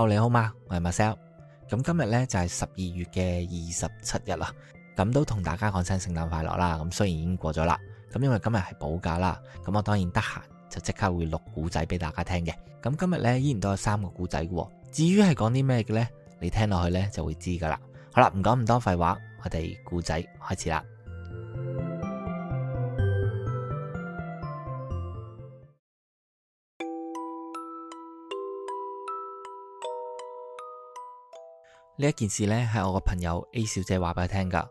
Hello, 你好嗎？我係 Marcel，咁今日呢，就係十二月嘅二十七日啦，咁都同大家講聲聖誕快樂啦，咁雖然已經過咗啦，咁因為今日係補假啦，咁我當然得閒就即刻會錄故仔俾大家聽嘅，咁今日呢，依然都有三個故仔嘅，至於係講啲咩嘅呢？你聽落去呢，就會知噶啦，好啦，唔講咁多廢話，我哋故仔開始啦。呢一件事呢，係我個朋友 A 小姐話俾佢聽噶。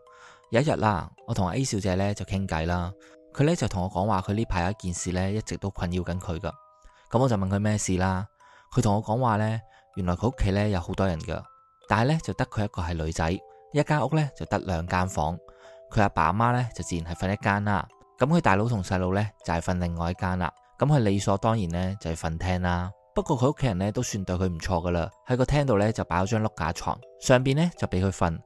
有一日啦，我同 A 小姐呢就傾偈啦，佢呢就同我講話佢呢排有一件事呢一直都困擾緊佢噶。咁我就問佢咩事啦，佢同我講話呢，原來佢屋企呢有好多人噶，但係呢就得佢一個係女仔，一間屋呢就得兩間房，佢阿爸阿媽呢就自然係瞓一間啦。咁佢大佬同細佬呢就係瞓另外一間啦。咁佢理所當然呢就係瞓廳啦。不過佢屋企人咧都算對佢唔錯噶啦。喺個廳度咧就擺咗張碌架床，上邊咧就俾佢瞓，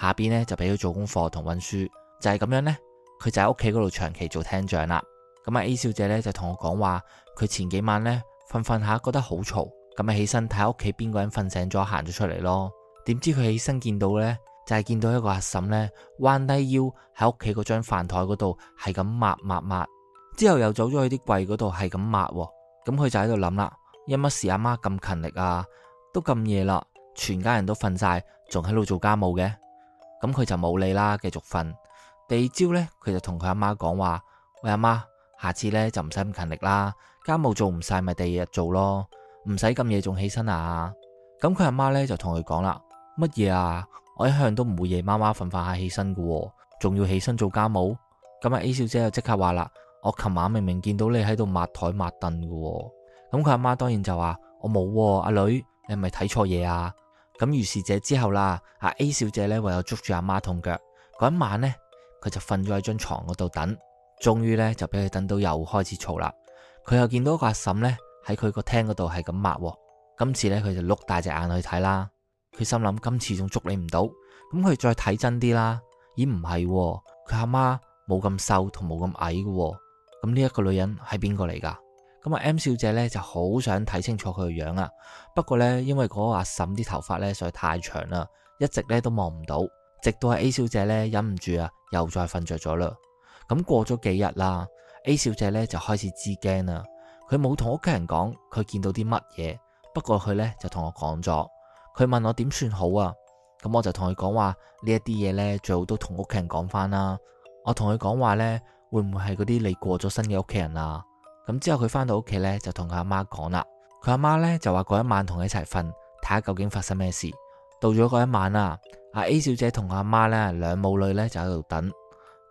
下邊咧就俾佢做功課同溫書。就係、是、咁樣呢，佢就喺屋企嗰度長期做聽障啦。咁啊 A 小姐咧就同我講話，佢前幾晚呢，瞓瞓下覺得好嘈，咁啊起身睇屋企邊個人瞓醒咗，行咗出嚟咯。點知佢起身見到呢，就係、是、見到一個阿嬸呢，彎低腰喺屋企嗰張飯台嗰度係咁抹抹抹，之後又走咗去啲櫃嗰度係咁抹。咁佢就喺度諗啦。因乜事阿媽咁勤力啊？都咁夜啦，全家人都瞓晒，仲喺度做家務嘅，咁佢就冇理啦，繼續瞓。第二朝呢，佢就同佢阿媽講話：喂阿媽，下次呢就唔使咁勤力啦，家務做唔晒咪第二日做咯，唔使咁夜仲起身啊。咁佢阿媽呢就同佢講啦：乜嘢啊？我一向都唔會夜媽媽瞓瞓下起身噶，仲要起身做家務。咁啊 A 小姐就即刻話啦：我琴晚明明見到你喺度抹台抹凳噶。咁佢阿媽當然就話：我冇阿、哦、女，你係咪睇錯嘢啊？咁於是者之後啦，阿 A 小姐咧唯有捉住阿媽痛腳。嗰一晚呢，佢就瞓咗喺張床嗰度等。終於呢，就俾佢等到又開始嘈啦。佢又見到個阿嬸呢喺佢個廳嗰度係咁抹。今次呢，佢就碌大隻眼去睇啦。佢心諗，今次仲捉你唔到，咁佢再睇真啲啦。咦，唔係喎，佢阿媽冇咁瘦同冇咁矮嘅。咁呢一個女人係邊個嚟噶？咁啊，M 小姐咧就好想睇清楚佢個樣啊，不過咧，因為嗰個阿嬸啲頭髮咧實在太長啦，一直咧都望唔到，直到阿 A 小姐咧忍唔住啊，又再瞓着咗啦。咁過咗幾日啦，A 小姐咧就開始知驚啦，佢冇同屋企人講佢見到啲乜嘢，不過佢咧就同我講咗，佢問我點算好啊？咁我就同佢講話呢一啲嘢咧，最好都同屋企人講翻啦。我同佢講話咧，會唔會係嗰啲你過咗身嘅屋企人啊？咁之後佢翻到屋企咧，就同佢阿媽講啦。佢阿媽咧就話嗰一晚同佢一齊瞓，睇下究竟發生咩事。到咗嗰一晚啦，阿 A 小姐同佢阿媽咧兩母女咧就喺度等，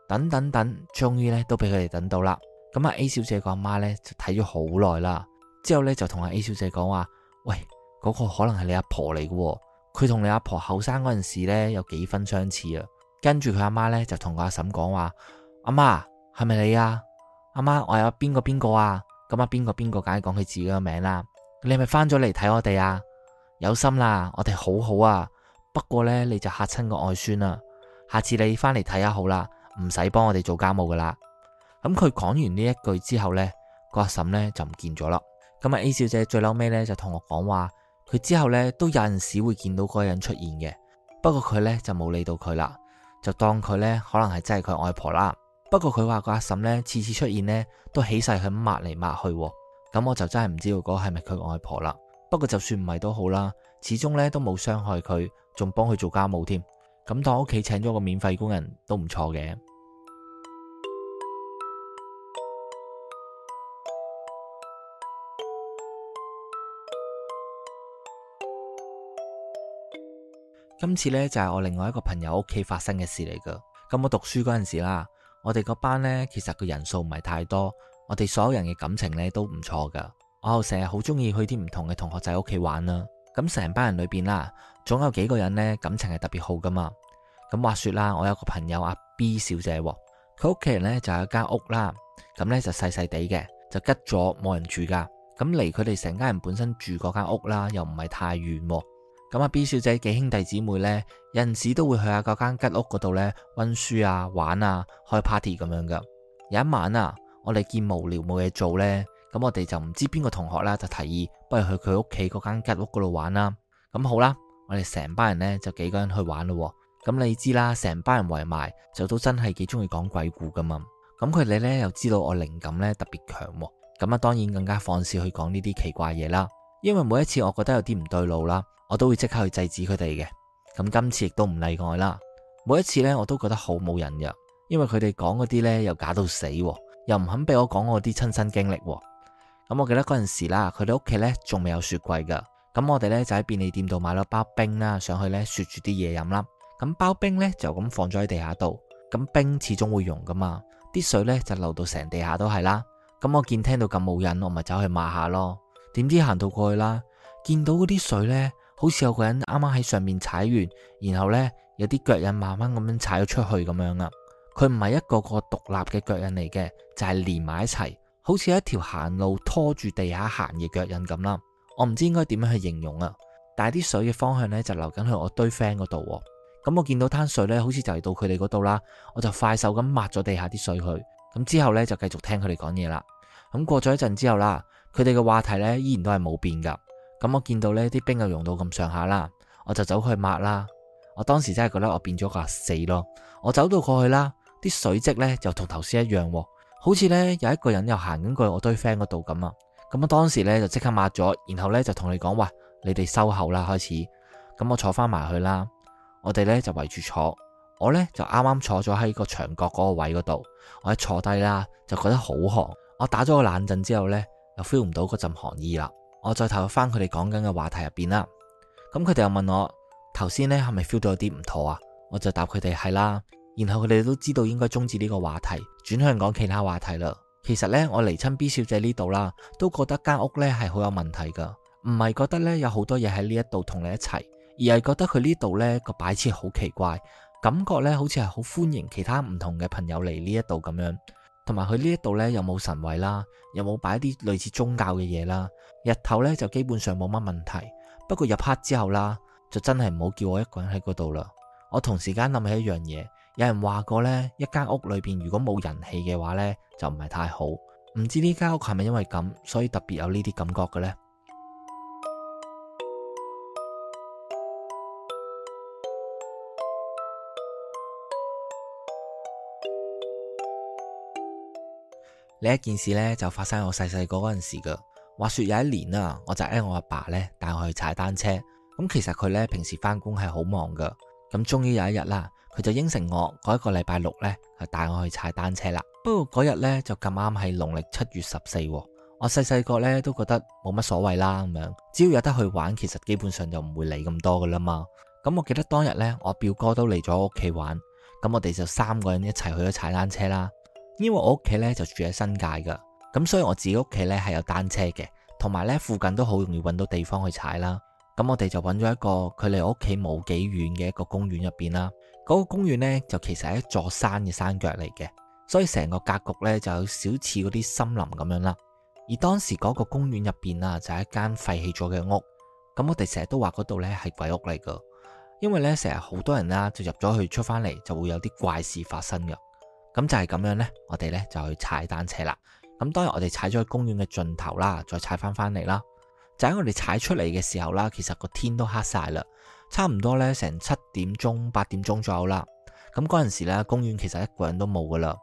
等等等，終於咧都俾佢哋等到啦。咁阿 A 小姐個阿媽咧就睇咗好耐啦，之後咧就同阿 A 小姐講話：喂，嗰個可能係你阿婆嚟嘅，佢同你阿婆後生嗰陣時咧有幾分相似啊。跟住佢阿媽咧就同個阿嬸講話：阿媽係咪你啊？阿媽，我有邊個邊個啊？咁啊，邊個邊個梗係講佢自己個名啦。你咪返咗嚟睇我哋啊？有心啦，我哋好好啊。不過呢，你就吓親個外孫啦。下次你返嚟睇下好啦，唔使幫我哋做家務噶啦。咁佢講完呢一句之後呢，個阿嬸呢就唔見咗啦。咁啊，A 小姐最嬲尾呢，就同我講話，佢之後呢都有陣時會見到嗰個人出現嘅。不過佢呢就冇理到佢啦，就當佢呢可能係真係佢外婆啦。不過佢話個阿嬸呢次次出現呢都起晒佢咁抹嚟抹去，咁我就真係唔知道嗰係咪佢外婆啦。不過就算唔係都好啦，始終呢都冇傷害佢，仲幫佢做家務添。咁當屋企請咗個免費工人，都唔錯嘅。 今次呢就係我另外一個朋友屋企發生嘅事嚟噶。咁我讀書嗰陣時啦。我哋個班呢，其實個人數唔係太多，我哋所有人嘅感情呢都唔錯噶。我又成日好中意去啲唔同嘅同學仔屋企玩啦。咁成班人裏邊啦，總有幾個人呢感情係特別好噶嘛。咁話說啦，我有個朋友阿 B 小姐，佢屋企人呢就有一間屋啦。咁呢就細細地嘅，就吉咗冇人住噶。咁離佢哋成家人本身住嗰間屋啦，又唔係太遠。咁阿 B 小姐幾兄弟姊妹呢。有陣時都會去下嗰間吉屋嗰度呢，溫書啊、玩啊、開 party 咁樣噶。有一晚啊，我哋見無聊冇嘢做呢，咁我哋就唔知邊個同學啦，就提議不如去佢屋企嗰間吉屋嗰度玩啦。咁好啦，我哋成班人呢，就幾個人去玩咯、啊。咁你知啦，成班人圍埋就都真係幾中意講鬼故噶嘛。咁佢哋呢，又知道我靈感呢特別強、啊，咁啊當然更加放肆去講呢啲奇怪嘢啦。因為每一次我覺得有啲唔對路啦，我都會即刻去制止佢哋嘅。咁今次亦都唔例外啦。每一次呢，我都覺得好冇癮嘅，因為佢哋講嗰啲呢又假到死，又唔肯俾我講我啲親身經歷。咁我記得嗰陣時啦，佢哋屋企呢仲未有雪櫃噶，咁我哋呢就喺便利店度買咗包冰啦，上去呢雪住啲嘢飲啦。咁包冰呢就咁放咗喺地下度，咁冰始終會溶噶嘛，啲水呢就流到成地下都係啦。咁我見聽到咁冇癮，我咪走去抹下咯。點知行到過去啦，見到嗰啲水呢。好似有個人啱啱喺上面踩完，然後呢，有啲腳印慢慢咁樣踩咗出去咁樣啊！佢唔係一個個獨立嘅腳印嚟嘅，就係、是、連埋一齊，好似一條行路拖住地下行嘅腳印咁啦。我唔知應該點樣去形容啊，但係啲水嘅方向呢，就流緊去我堆 friend 嗰度。咁、嗯、我見到灘水呢，好似就嚟到佢哋嗰度啦，我就快手咁抹咗地下啲水去。咁之後呢，就繼續聽佢哋講嘢啦。咁、嗯、過咗一陣之後啦，佢哋嘅話題呢，依然都係冇變噶。咁我見到呢啲冰又溶到咁上下啦，我就走去抹啦。我當時真係覺得我變咗個死咯。我走到過去啦，啲水漬呢就同頭先一樣喎，好似呢有一個人又行緊過去我堆 friend 嗰度咁啊。咁我當時呢就即刻抹咗，然後呢就同你講話：你哋收後啦，開始。咁我坐翻埋去啦，我哋呢就圍住坐。我呢就啱啱坐咗喺個牆角嗰個位嗰度，我一坐低啦就覺得好寒。我打咗個冷震之後呢，又 feel 唔到嗰陣寒意啦。我再投入翻佢哋講緊嘅話題入邊啦，咁佢哋又問我頭先呢係咪 feel 到有啲唔妥啊？我就答佢哋係啦，然後佢哋都知道應該終止呢個話題，轉向講其他話題啦。其實呢，我嚟親 B 小姐呢度啦，都覺得間屋呢係好有問題噶，唔係覺得呢有好多嘢喺呢一度同你一齊，而係覺得佢呢度呢個擺設好奇怪，感覺呢好似係好歡迎其他唔同嘅朋友嚟呢一度咁樣。同埋佢呢一度呢，又冇神位啦，又冇擺啲類似宗教嘅嘢啦。日頭呢，就基本上冇乜問題，不過入黑之後啦，就真係唔好叫我一個人喺嗰度啦。我同時間諗起一樣嘢，有人話過呢，一間屋裏邊如果冇人氣嘅話呢，就唔係太好。唔知呢間屋係咪因為咁，所以特別有呢啲感覺嘅呢？呢一件事咧就發生我細細個嗰陣時噶，話說有一年啊，我就嗌我阿爸咧帶我去踩單車。咁其實佢咧平時翻工係好忙噶，咁終於有一日啦，佢就應承我，嗰、那、一個禮拜六咧就帶我去踩單車啦。不過嗰日咧就咁啱係農曆七月十四，我細細個咧都覺得冇乜所謂啦，咁樣只要有得去玩，其實基本上就唔會理咁多噶啦嘛。咁我記得當日咧，我表哥都嚟咗屋企玩，咁我哋就三個人一齊去咗踩單車啦。因為我屋企咧就住喺新界噶咁所以我自己屋企咧係有單車嘅，同埋咧附近都好容易揾到地方去踩啦。咁我哋就揾咗一個距離我屋企冇幾遠嘅一個公園入邊啦。嗰個公園呢就其實係一座山嘅山腳嚟嘅，所以成個格局呢就有少似嗰啲森林咁樣啦。而當時嗰個公園入邊啊就係一間廢棄咗嘅屋，咁我哋成日都話嗰度呢係鬼屋嚟噶因為呢成日好多人啦就入咗去出翻嚟，就會有啲怪事發生噶咁就係咁樣呢，我哋呢就去踩單車啦。咁當然我哋踩咗公園嘅盡頭啦，再踩翻返嚟啦。就喺我哋踩出嚟嘅時候啦，其實個天都黑晒啦，差唔多呢成七點鐘八點鐘左右啦。咁嗰陣時呢，公園其實一個人都冇噶啦。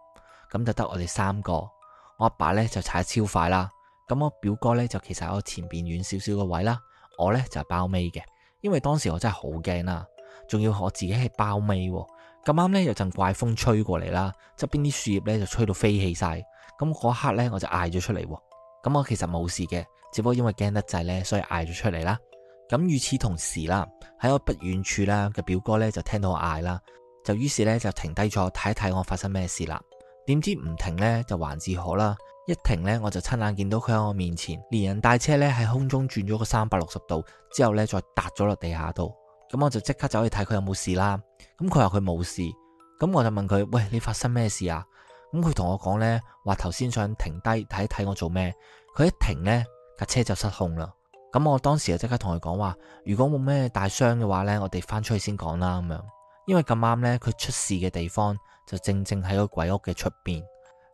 咁就得我哋三個，我阿爸呢就踩超快啦。咁我表哥呢，就其實喺我前邊遠少少個位啦。我呢就係包尾嘅，因為當時我真係好驚啊，仲要我自己係包尾喎。咁啱咧，剛剛有陣怪風吹過嚟啦，側邊啲樹葉咧就吹到飛起晒。咁嗰一刻咧，我就嗌咗出嚟。咁我其實冇事嘅，只不過因為驚得滯咧，所以嗌咗出嚟啦。咁與此同時啦，喺我不遠處啦嘅表哥咧就聽到我嗌啦，就於是咧就停低咗，睇一睇我發生咩事啦。點知唔停咧就還自可啦，一停咧我就親眼見到佢喺我面前連人帶車咧喺空中轉咗個三百六十度，之後咧再踏咗落地下度。咁我就即刻走去睇佢有冇事啦。咁佢話佢冇事，咁我就問佢：「喂，你發生咩事啊？咁佢同我講呢，話頭先想停低睇睇我做咩，佢一停呢，架車就失控啦。咁我當時就即刻同佢講話，如果冇咩大傷嘅話呢，我哋翻出去先講啦咁樣。因為咁啱呢，佢出事嘅地方就正正喺個鬼屋嘅出邊，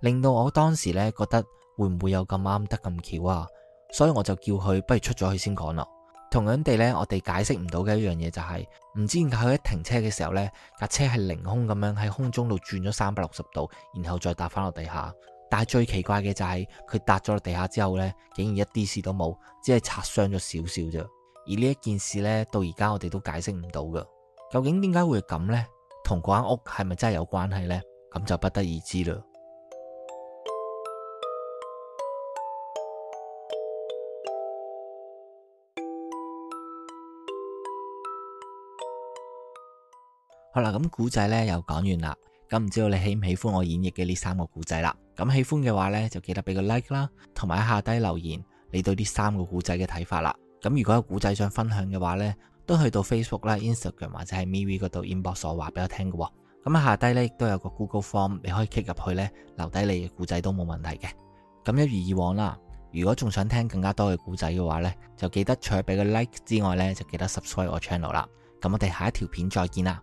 令到我當時呢覺得會唔會有咁啱得咁巧啊？所以我就叫佢不如出咗去先講咯。同樣地呢，我哋解釋唔到嘅一樣嘢就係，唔知點解佢一停車嘅時候呢，架車係凌空咁樣喺空中度轉咗三百六十度，然後再搭翻落地下。但係最奇怪嘅就係佢搭咗落地下之後呢，竟然一啲事都冇，只係擦傷咗少少啫。而呢一件事呢，到而家我哋都解釋唔到噶，究竟點解會咁呢？同嗰間屋係咪真係有關係呢？咁就不得而知嘞。好啦，咁古仔呢又講完啦。咁唔知道你喜唔喜歡我演繹嘅呢三個古仔啦？咁喜歡嘅話呢，就記得俾個 like 啦，同埋下低留言你對呢三個古仔嘅睇法啦。咁如果有古仔想分享嘅話呢，都去到 Facebook 啦、Instagram 或者係 MeWe 嗰度 inbox 我話俾我聽噶。咁下低呢，亦都有個 Google Form，你可以 click 入去呢，留低你嘅古仔都冇問題嘅。咁一如以往啦，如果仲想聽更加多嘅古仔嘅話呢，就記得除咗俾個 like 之外呢，就記得 subscribe 我 channel 啦。咁我哋下一條片再見啦。